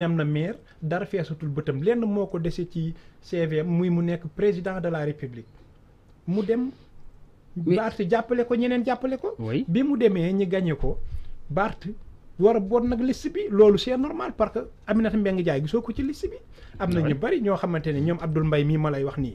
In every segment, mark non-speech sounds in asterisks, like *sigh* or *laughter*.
am na maire dara feesatul bëtam lenn moo ko dese ci CVM muy mu nekk président de la république mu dem Barth jàppale ko ñeneen jàppale ko bi mu demee ñi gañee ko Barth war boot nag liste bi loolu c'est normal parce que Aminata Mbengue Ndiaye gisoo ko ci liste bi am na ñu bari ñoo xamante ne ñoom Abdoul mbay mii ma lay wax nii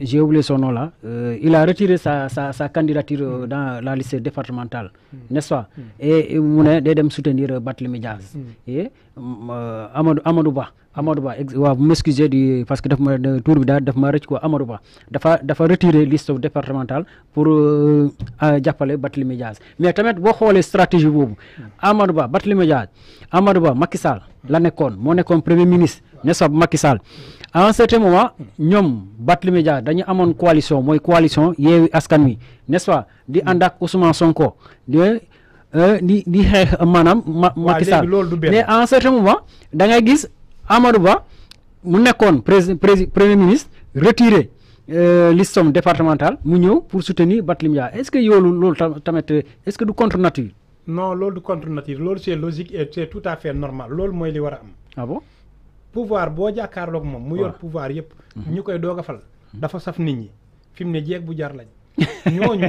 j'ai oublié son nom là, euh, il a retiré sa, sa, candidature hmm. dans la liste départementale, hmm. n'est-ce pas hmm. Et il a soutenir euh, Barthélémy Diaz. Et mm, euh, Amadouba, Amadouba, vous m'excusez parce que le tour de Amadouba, il a retiré la liste départementale pour euh, Diapale Diaz. Mais quand vous les stratégies, Amadouba, Barthélémy Diaz, Amadouba, Macky Sall, l'année con, mon premier ministre, n'est-ce pas Macky à un certain moment ñoom Barthélémy Dias dañu amone coalition moy coalition y Askan Wi n'est-ce pas di andak hmm. Ousmane Sonko di euh, di di manam, euh, maanaam mais à un certain moment da nga gis Amadou Ba mu nekkone premier ministre retiré euh, listom départemental mu ñëw pour soutenir Barthélémy est-ce que yolu loolu tamet est-ce que du contre nature non loolu du contre nature loolu c'est logique et c'est tout à fait normal loolu moy li wara. am ah bon pouvoir boo jàkkaarloog mom mu yor pouvoir yep mhm. ñu koy doog fal mhm. dafa saf nit ñi fim ne jeeg bu jar lañ *laughs* ñooñu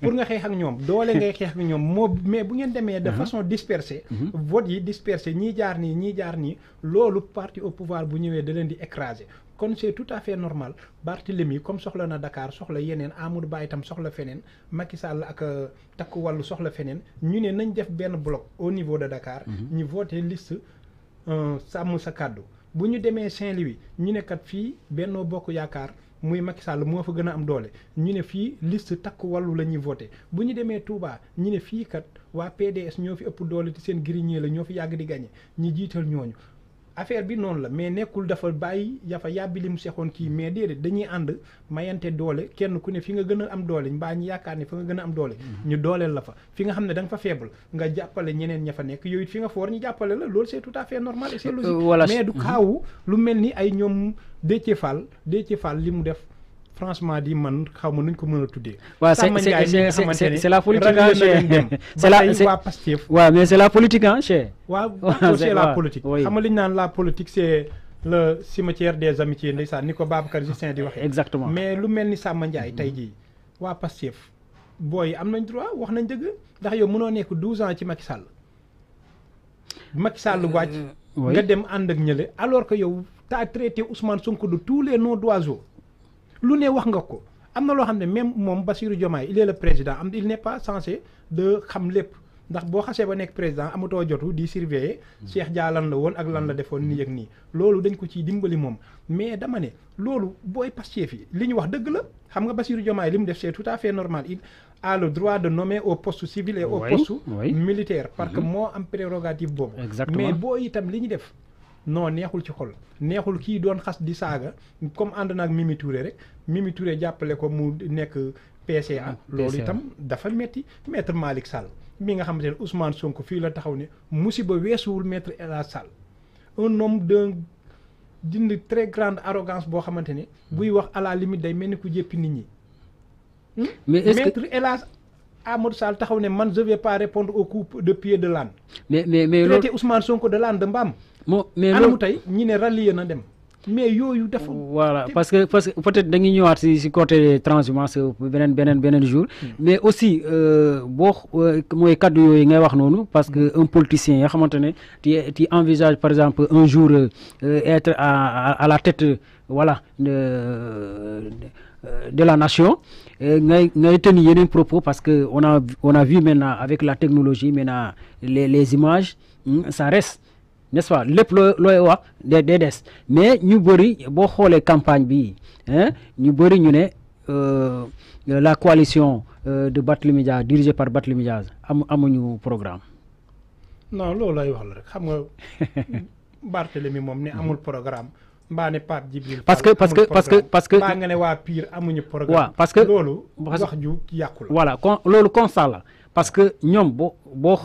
pour nga xex ak ñom doole ngay xex ak ñom mais bu ngeen demee de mhm. façon dispersée vote yi dispersé ñi jaar ni ñi jaar ni lolu parti au pouvoir bu ñëwé de leen di écraser kon c'est tout à fait normal Barthélemy comme soxla na Dakar soxla yenen Amadou Ba tam soxla fenen Macky Sall ak euh, takku wàllu soxla fenen ñu ne nañ def ben bloc au niveau de Dakar ñi voter liste euh, sàmm sa bu ñu demee Saint-Louis ñu ne kat fii Benno Bokk Yaakaar muy Macky Sall moo fa gën a am doole ñu ne fii list takku wàllu la ñuy voté bu ñu demee Touba ñu ne fii kat waa PDS ñoo fi ëpp doole ci seen grenier la ñoo fi yàgg di gagné ñi jiital ñooñu. affaire bi noonu la mais nekkul dafa bàyyi dafa yàbbi li mu seexoon kii mais déedéet dañuy ànd mayante doole kenn ku ne fi nga gën a am doole mbaa ñu yaakaar ne fa nga gën a am doole mm-hmm. ñu dooleel la fa fi nga xam ne danga fa faible nga jàppale ñeneen ña fa nekk yooyu it fi nga foor ñu jàppale la loolu c'est tout à fait normal et c'est euh, logique mais du mm-hmm. kaawu lu mel ni ay ñoom Déthié Fall Déthié Fall li mu def franchement dit man xaw ma nuñ ko mëna a Wa c'est c'est c'est la politique ah *laughs* c'est la c'est wa *laughs* mais c'est la politique hein chef. Wa *laughs* c'est la politique xam nga li ñu la politique c'est le cimetière des amitiés ndeysaan ni ko Babacar Justin di waxee. exactement mais lu melni ni Samba Ndiaye tey jii waa boy am nañ droit wax nañ dëgg ndax yow mëno nek 12 ans ci Macky Sall. Macky Sall wàcc. nga dem and ak ñëlé alors que yow t'as traité Ousmane Sonko de tous les noms d'oiseaux lu ne wax nga ko amna lo xamne même mom Bassirou Diomaye il est le président am il n'est pas censé de xam lepp ndax bo xasse ba nek président amatoo jotu di surveiller Cheikh Dia lan la woon ak lan la defone ni ak ni lolou dañ ko ci dimbali mom mais dama ne lolou boy Pastef yi li wax deug la xam nga Bassirou Diomaye lim def c'est tout à fait normal il a le droit de nommer au poste civil et au poste militaire parce que mhm. mo am prérogative boobu mais boy itam li def non neexul ci xol neexul kii doon xas di saaga comme ànd ak Mimi Touré rek Mimi Touré jàppale ko mu nekk PCA loolu itam dafa metti maître Malick Sall mi nga xamante ne Ousmane Sonko fii la taxaw ne musiba weesuwul maître El Hadj Sall un homme d'un d'une très grande arrogance boo xamante ne hmm. buy wax à la day mel ni ku jéppi nit ñi maître El Amadou Sall taxaw ne man je vais pas répondre au coup de pied de l'âne. mais mais mais loolu Ousmane Sonko de l'âne de mbam moo mais loolu tay ñi ne rallié na dem. mais yoyu dafa. voilà parce que parce que peut-être dañuy ñëwaat si si côté transhumance benen benen benen jour. Hmm. mais aussi euh, bo euh, moy cadre yoy ngay wax nonu parce que un politicien yoo xamante ne tu envisage par exemple un jour euh, être à à la tête voilà. Euh, de la nation ngay ngay tenu un propos parce que on a on a vu maintenant avec la technologie maintenant les les images hmm, ça reste n'est-ce pas le plus looy des des mais nous bëri beaucoup les campagne bi nous hein, bëri euh, la coalition euh, de Barthélémy dirigée par Barthélémy am am amuñu programme. non loolu wax la xam nga *laughs* Barthélémy à mon programme parce que parce que parce que parce que parce que voilà le parce que ñoom bo boo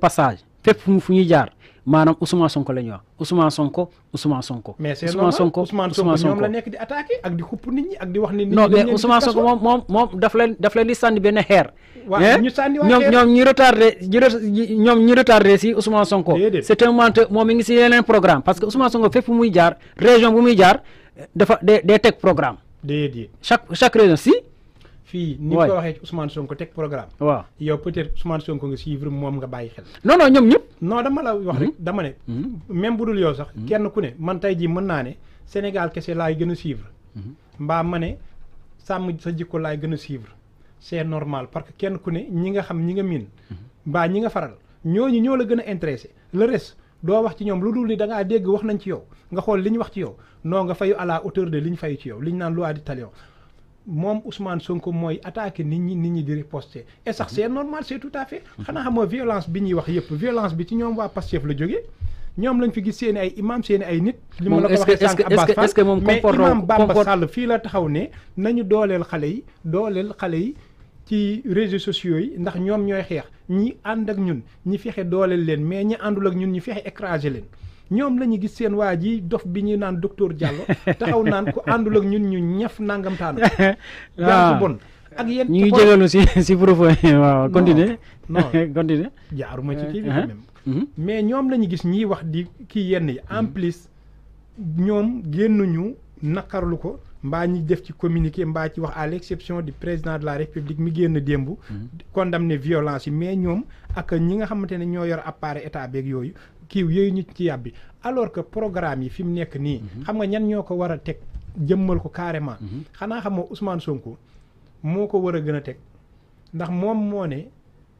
passage fépp fu ñuy jaar. maanaam Ousmane Sonko la ñuy wax Sonko Ousmane Sonko. mais c'est normal Sonko ñoom la nekk di attaqué ak di xupp nit ñi ak di wax ni. non mais Ousmane Sonko moom moom moom daf leen daf leen di sànni benn xeer. waaw eh? ñu sànni waa xeer ñoom ñoom ñu retardé ñoom ñu retardé si Ousmane Sonko. c'est moom mi ngi si yeneen programme parce que Ousmane Sonko fépp muy jaar région bu muy jaar dafa day teg programme. déedéet chaque chaque région si. fii ni nga ko waxee ci Ousmane teg programme waaw yow peut-être Ousmane Sonko nga suivre moom nga bàyyi xel non non ñoom ñëpp non dama la wax rek mm-hmm. dama ne mm-hmm. même bu dul yow sax mm-hmm. kenn ku ne man tey jii mën naa ne Sénégal kese laay gën a suivre mbaa ma ne sàmm sa jikko laay gën a suivre c'est normal parce que kenn ku ne ñi nga xam ñi nga miin mbaa ñi nga faral ñooñu ñoo la gën a intéressé le reste doo wax ci ñoom lu dul ni da ngaa dégg wax nañ ci yow nga xool li ñu wax ci yow non nga fayu à la hauteur de li ñu fayu ci li ñu naan loi du talion moom Ousmane Sonko moi attaqué ni ni et ça c'est normal c'est tout à fait. il violence bi ñuy wax violence bi ci ñoom passer le la jógee. ñom lañ fi gis imam seen ay nit. li la mais la taxaw né nañu dolel xalé yi yi ci réseaux sociaux yi ndax ñi ak ñun ñi écraser ñoom la ñu gis seen waa ji dof bi ñuy naan docteur Diallo *laughs* taxaw naan ku àndul ak ñun ñu ñaf nangam taanu. waaw *laughs* ah. bon ak yéen. ñu ngi jégalu si si profo *laughs* waaw continuer non continuer jaaruma ci kii uh-huh. Uh-huh. mais ñoom la ñu gis ñiy wax di kii yenn yi en uh-huh. plus ñoom génnuñu naqarlu ko. mbaa ñi def ci communiqué mbaa ci wax à l'exception di président de la république mi génn démb condamné violence yi mais ñoom ak ñi nga xamante ne ñoo yor appareil état beeg yooyu kiiw yooyu ñu ci yàbbi alors que programme yi fi mu nekk nii. Mhm. xam nga ñan ñoo ko war a teg jëmmal ko carrément. Mhm. xanaa xam nga Ousmane Sonko moo ko war a gën a teg ndax moom moo ne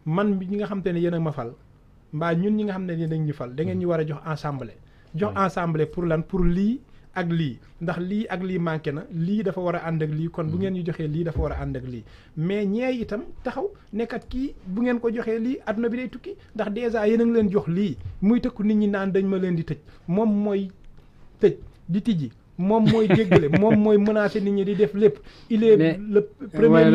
man bi ñi nga xam ne yeneen ma fal mbaa ñun ñi nga xam ne yéen a ñu fal da ngeen mhm. ñu war a jox assemblée. jox assemblée pour lan pour lii. ak lii ndax lii ak lii manqué na lii dafa war a ànd ak lii kon bu mm-hmm. ngeen ñu joxee lii dafa war a ànd ak lii mais ñee itam taxaw nekkat kii bu ngeen ko joxee lii àdduna bi day tukki ndax dèjà yéen leen jox lii muy tëkku nit ñi naan dañ ma leen di tëj moom mooy tëj di tijji moom mooy jéggale *laughs* moom mooy menacer nit ñi di def lépp il est le premier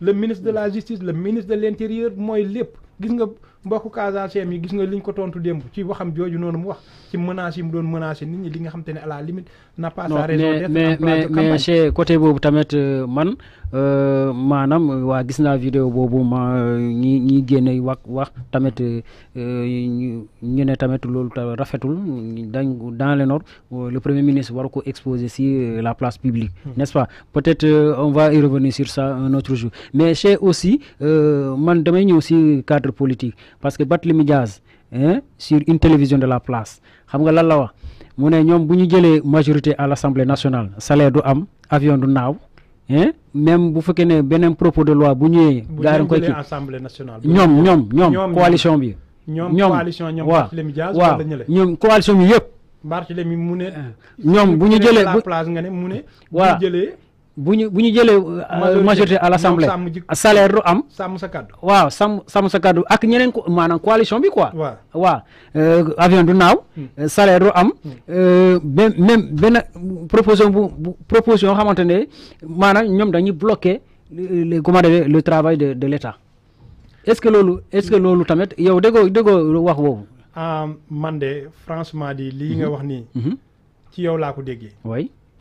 ministre la ministre de la justice le ministre de l'intérieur mooy lépp gis nga mbokku Casancem yi gis nga liñ ko tontu démb ci waxam jooju noonu mu wax ci menace yi mu doon menacé nit ñi li nga xam te ne à la limite n'a pas sa raison d'être côté boobu tamit euh, man Euh, manam wa gis naa vidéo bobu ma ñi ñi génne wax wax tamet euh, ñu ne tamit tamet rafetul dañ dans le nord euh, le premier ministre war ko exposer si la place publique hmm. n'est-ce pas peut-être on va y revenir sur ça un autre jour mais c'est aussi man damay ñëw cadre politique parce que Barthélémy hein sur une télévision de la place xam nga lan la wax mu né ñom bu ñu majorité à l'Assemblée nationale salaire du am avion du naw Hein? même bu vous ne beneen propos de loi bu ñëwee. gaa dañ koy kii assemblée nationale. ñoom coalition bi. ñoom coalition ñoom coalition bi yëpp. mu bu ñu bu ñu jëlee euh, majorité à l'assemblée salaire du am sàmm sa kàddu waaw sàmm sàmm sa kàddu ak ñeneen ko maanaam coalition bi quoi waaw euh, avion du naaw hmm. euh, salaire du am hmm. ben même benn proposition bu proposition xamante ne maanaam ñoom dañuy bloqué le comment dire le travail de de l'État est-ce que loolu est-ce que loolu tamit yow de déggoo déggoo wax woowu ah, man de franchement di lii nga mhm. wax nii mhm. ci yow laa ko déggee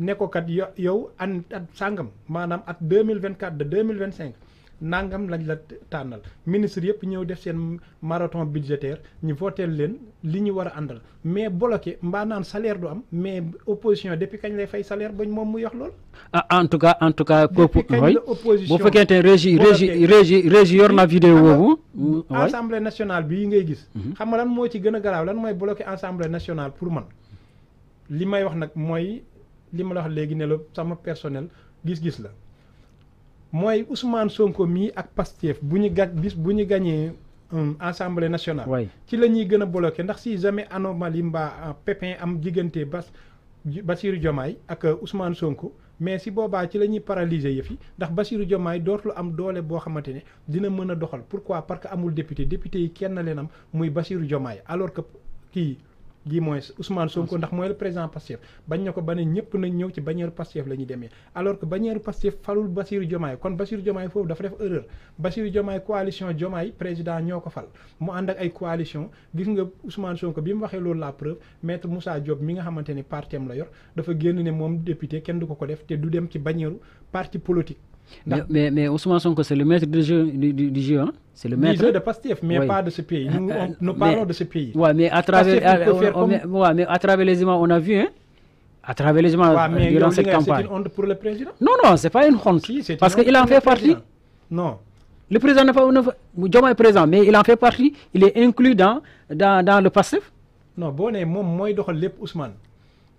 Neko ko kat yow an at sangam manam at 2024 de 2025 nangam lañ la tunnel. ministre yep ñew def sen marathon budgétaire ñu voteel len li ñu war andal mais bloqué mba saler salaire du am mais opposition depuis kañ lay fay salaire bañ mom mu yox lool ah, en tout cas en tout cas kopu hoy bu fekkente régie régie régie régie yor na vidéo wowo assemblée nationale bi ngay gis mhm. xam nga lan mo ci gëna a lan moy bloqué assemblée nationale pour man limay wax nak moy li ma la wax léegi ne sama personnel gis-gis la mooy Ousmane Sonko mii ak Pastef bu ñu gaj bis bu ñu gañee euh, assemblée nationale. ci la ñuy gën a bloqué ndax si jamais anomalie mbaa euh, pépin am diggante bas Bassirou Diomaye ak euh, Ousmane Sonko. mais si boobaa ci la ñuy paralyser yëf yi ndax Bassirou Diomaye dootul am doole boo xamante ne dina mën a doxal pourquoi parce que amul député député yi kenn leen am muy Bassirou Diomaye alors que kii. jii mooy Ousmane Sonko ndax mooy le président Pastef bañ na ko ba ne ñëpp nañ ñëw ci bannière Pastef la ñuy demee alors que bannière Pastef falul Bassirou Diomaye kon Bassirou Diomaye foofu dafa def erreur Bassirou Diomaye coalition Diomaye président ñoo ko fal mu ànd ak ay coalition gis nga Ousmane Sonko bi mu waxee loolu la preuve maître Moussa Diop mi nga xamante ni parti am la yor dafa génn ne moom député kenn du ko ko def te du dem ci bannière parti politique Mais, mais, mais Ousmane Sonko, c'est le maître du jeu. Du, du, du jeu hein? C'est le maître. Du jeu de Pastief, mais pas de ce pays. Nous, euh, parlons de ce pays. Oui, mais à travers, on, ouais, mais à travers les images, on a vu. Hein? à travers les durant cette campagne. C'est une honte pour le président Non, non, ce pas une honte. parce qu'il en fait partie. Non. Le président n'est pas. Djoma est présent, mais il en fait partie. Il est inclus dans, dans, le passif. Non, bon, moi, moi, je suis Ousmane.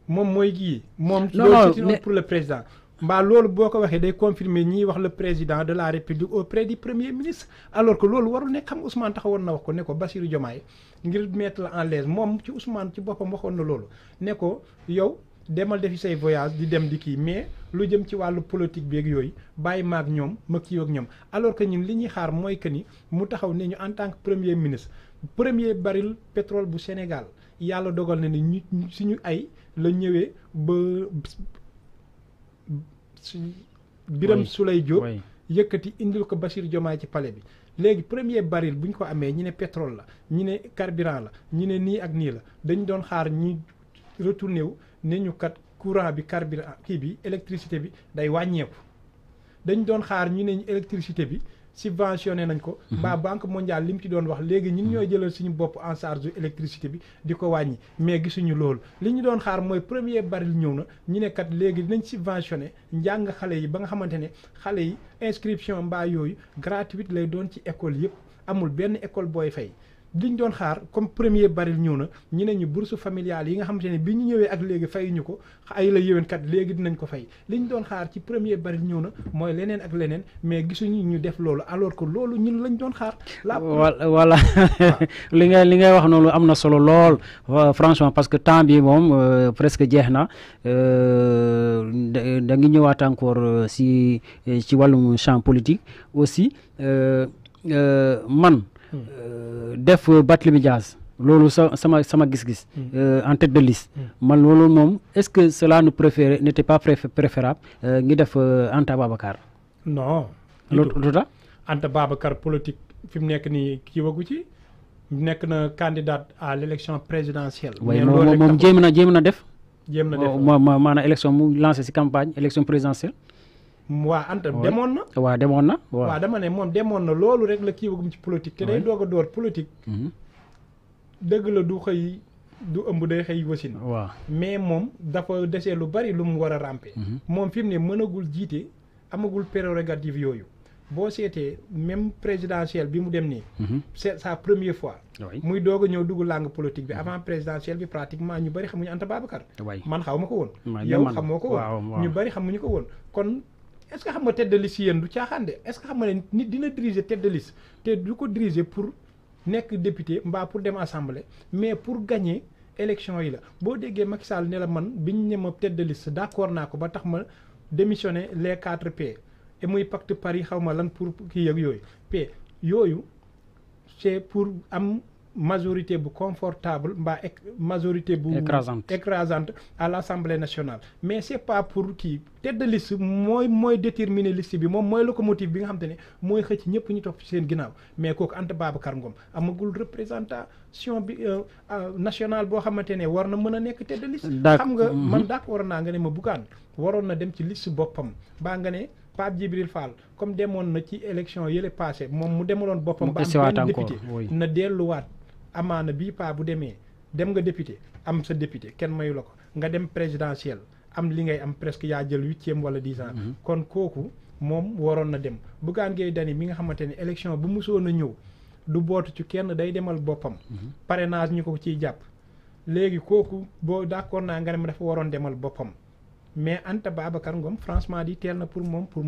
Moi, moi, je suis. Moi, je suis pour le président mbaa loolu boko ko waxee day confirmer ñi wax le président de la république auprès du premier ministre alors que loolu waru nekk xam Ousmane taxawon na wax ko ne ko Bassirou Diomaye ngir mettre la en l'aise mom ci Ousmane ci bopam waxon na loolu ne ko yow demal defi say voyage di dem di ki mais lu jëm ci walu politique ak yoy baye maag ñom ma kii ak ñom alors que ñun li ñi xaar moy que ni mu taxaw ne ñu en tant que premier ministre premier baril pétrole bu Sénégal yalla dogal na ni ñu suñu ay la ñëwé ba suñu Birame Souleye Diop yëkkati indil ko Bassirou Diomaye ci pale bi léegi premier baril bu ñu ko amee ñi ne pétrole la ñi ne carburant la ñi ne nii ak nii la dañ doon xaar ñi retourné wu ne ñu kat courant bi carburant kii bi électricité bi day wàññeeku dañ doon xaar ñu ne ñu électricité bi subventionné nañ ko mhm. ba banque mondiale li mu ci doon wax léegi ñun mhm. ñoo jëlal suñu bopp en charge électricité bi di ko wàññi mais gisuñu loolu li ñu doon xaar mooy premier baril ñëw na ñu nekkat kat léegi dinañ subventionné njàng xale yi ba nga xamante ne xale yi inscription mbaa yooyu gratuite lay doon ci école yëpp amul benn école booy fay liñ doon xaar comme premier baril ñëw na ñu ne ñu bourse familiale yi nga xamante ne bi ñu ñëwee ak léegi fayuñu ko ay la kat léegi dinañ ko fay liñ doon xaar ci premier baril ñëw na mooy leneen ak leneen mais gisuñu ñu def loolu alors que loolu ñun lañ doon xaar. la voilà *laughs* li nga li ngay wax noonu am na solo lool franchement parce que temps bi moom euh, presque jeex na euh, da ngi ñëwaat encore euh, si ci wàllum champ politique aussi man. Euh, def Barthélémy Dias loolu sama sama gis-gis. Hmm. Euh, en tête de liste. Hmm. man mom est-ce que cela nous préférer n'était pas préférable euh, ngi def Anta Babacar. non. lu tax Anta Babacar politique fim nek ni ki wagu ci. nek na candidat à l'élection présidentielle. mais loolu moom jéem na jéem na def. jéem na def oh, na élection mu lancé ci campagne élection présidentielle. waa Anta demoon na. waa demoon na waaw dama ne demoon na loolu rek la kii wagum ci politique. te day doog a door politique. Mm-hmm. dëgg la du xëy du ëmb day xëy wasin. waaw mais moom dafa desee lu bari lu mu war a ràmpe. Mm-hmm. moom fi mu ne mënagul jiite amagul prérogative yooyu. boo seetee même présidentielle bi mu dem nii. Mm-hmm. c'est sa première fois. muy doog ñëw dugg langue politique bi avant présidentielle bi pratiquement ñu bari xamuñu Anta Babacar. man xaw ma ko woon. yow xamoo ko ko woon est-ce que xam tête de liste yéen du caaxaan de est-ce que xam nga ne nit dina diriger tête de liste te du ko diriger pour nekk député mbaa pour dem assemblée mais pour gagner élection yi la boo déggee Macky Sall ne la man biñ ne ma tête de liste d'accord naa ko ba tax ma démissionner les quatre P et muy pacte Paris xaw ma lan pour kii ak yooyu P yooyu c'est pour am majorité confortable mbaa majorité écrasante écrasante à l'Assemblée nationale mais c'est pas pour qui tête de liste moy moy déterminer liste bi moi moy locomotive bi nga xam te ne mooy xëcc ñëpp ñu topp ci seen mais kok ante Babacar Ngom amagul représentation bi euh, euh, nationale bohama tenez war na mën a tête de liste xam nga mhm. man d'accord n'a nga ne ma Bougane waron na dem ci liste bopam ba nga ne Pape Djibril Fall comme démon na ci élection yele passé mon mu demaloon bopam ba am député amaana bi pa bu demé dem nga député am sa député ken mayu lako nga dem présidentiel am li ngay am presque ya jël huitième wala 10 ans. Mhm. kon koku mom waroon na dem Bougane ngay dani mi nga xamanteni élection bu musoon na ñew du bootu ci kenn day demal bopam. Mhm. parrainage ñuko ci japp légui koku bo d'accord na nga ma dafa waroon demal bopam. mais Anta Babacar Ngom franchement di tel na pour mom pour.